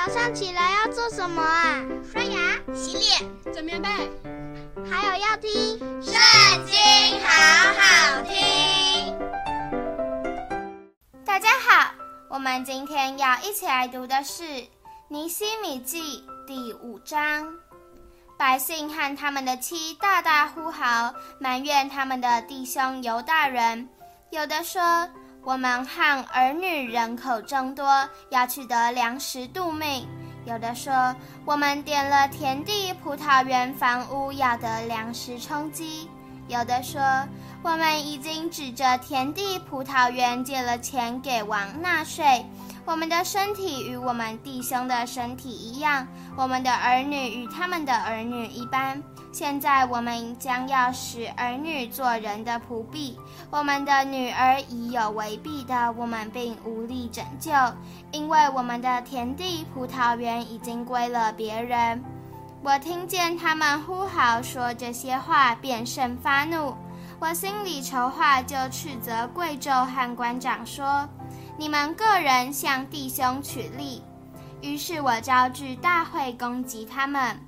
早上起來要做什麼啊？刷牙、洗臉、準備被，還有要聽《聖經好好聽》。大家好，我們今天要一起來讀的是《尼希米記》第五章。百姓和他們的妻大大呼號，埋怨他們的弟兄猶大人，有的說。我們和兒女人口眾多，要去得糧食度命。有的說，我們典了田地、葡萄園、房屋，要得糧食充饑。有的說，我們已經指着田地、葡萄園借了錢給王納稅。我們的身體與我們弟兄的身體一樣，我們的兒女與他們的兒女一般。現在我們將要使兒女作人的僕婢。我們的女兒已有為婢的，我們並無力拯救，因為我們的田地、葡萄園已經歸了別人。我聽見他們呼號說這些話，便甚發怒。我心裡籌劃，就斥責貴胄和官長說：“你們各人向弟兄取利。”於是，我招聚大會攻擊他們。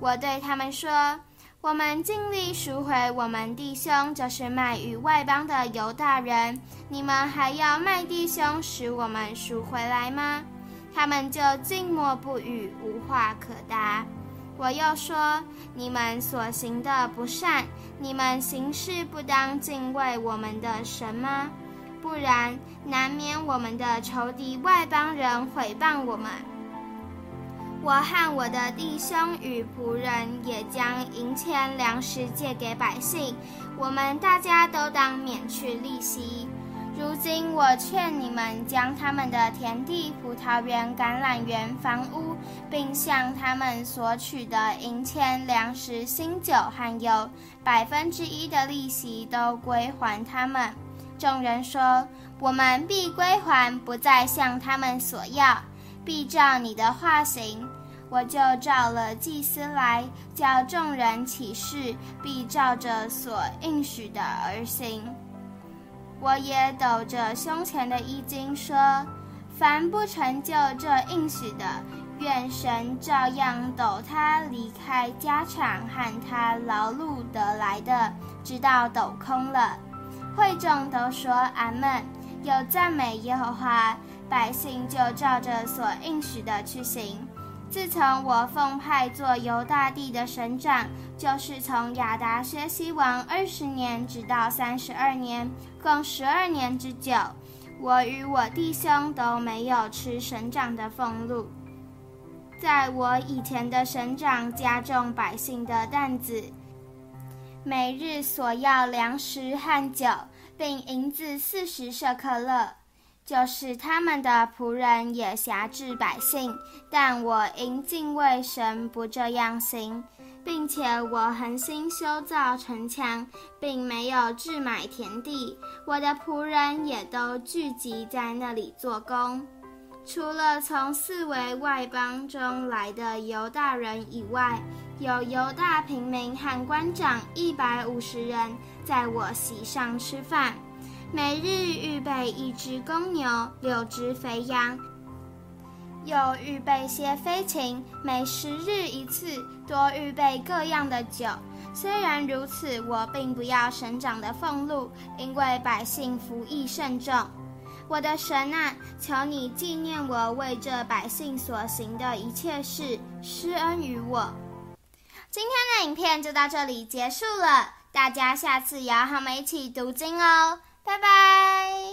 我對他們說：“我們盡力贖回我們弟兄，就是賣與外邦的猶大人。你們還要賣弟兄，使我們贖回來嗎？”他們就靜默不語，無話可答。我又說：“你們所行的不善，你們行事不當敬畏我們的神嗎？不然，難免我們的仇敵外邦人毀謗我們。我和我的弟兄與僕人也將銀錢、糧食借給百姓，我們大家都當免去利息。”如今我勸你們將他們的田地、葡萄園、橄欖園、房屋，並向他們所取的銀錢、糧食、新酒和油，百分之一的利息都歸還他們。眾人說：“我們必歸還，不再向他們索要，必照你的話行。”我就召了祭司來，叫眾人起誓，必照着所應許的而行。我也抖着胸前的衣襟說：“凡不成就這應許的，願神照樣抖他離開家產和他勞碌得來的，直到抖空了。”會眾都說：“阿們。”又讚美耶和華，百姓就照着所應許的去行。自從我奉派做猶大地的省長，就是從亞達薛西王二十年直到三十二年，共十二年之久。我與我弟兄都沒有吃省長的俸祿。在我以前的省長加重百姓的擔子，每日索要糧食和酒，並銀子四十舍客勒。就是他們的僕人也轄製百姓，但我因敬畏神不這樣行，並且我恆心修造城牆，並沒有置買田地，我的僕人也都聚集在那裡做工。除了從四圍外邦中來的猶大人以外，有猶大平民和官長一百五十人，在我席上吃飯。每日預備一隻公牛，六隻肥羊，又預備些飛禽。每十日一次，多預備各樣的酒。雖然如此，我並不要省長的俸祿，因為百姓服役甚重。我的神啊，求你紀念我為這百姓所行的一切事，施恩於我。今天的影片就到這裡結束了，大家下次也要和我們一起讀經哦。拜拜。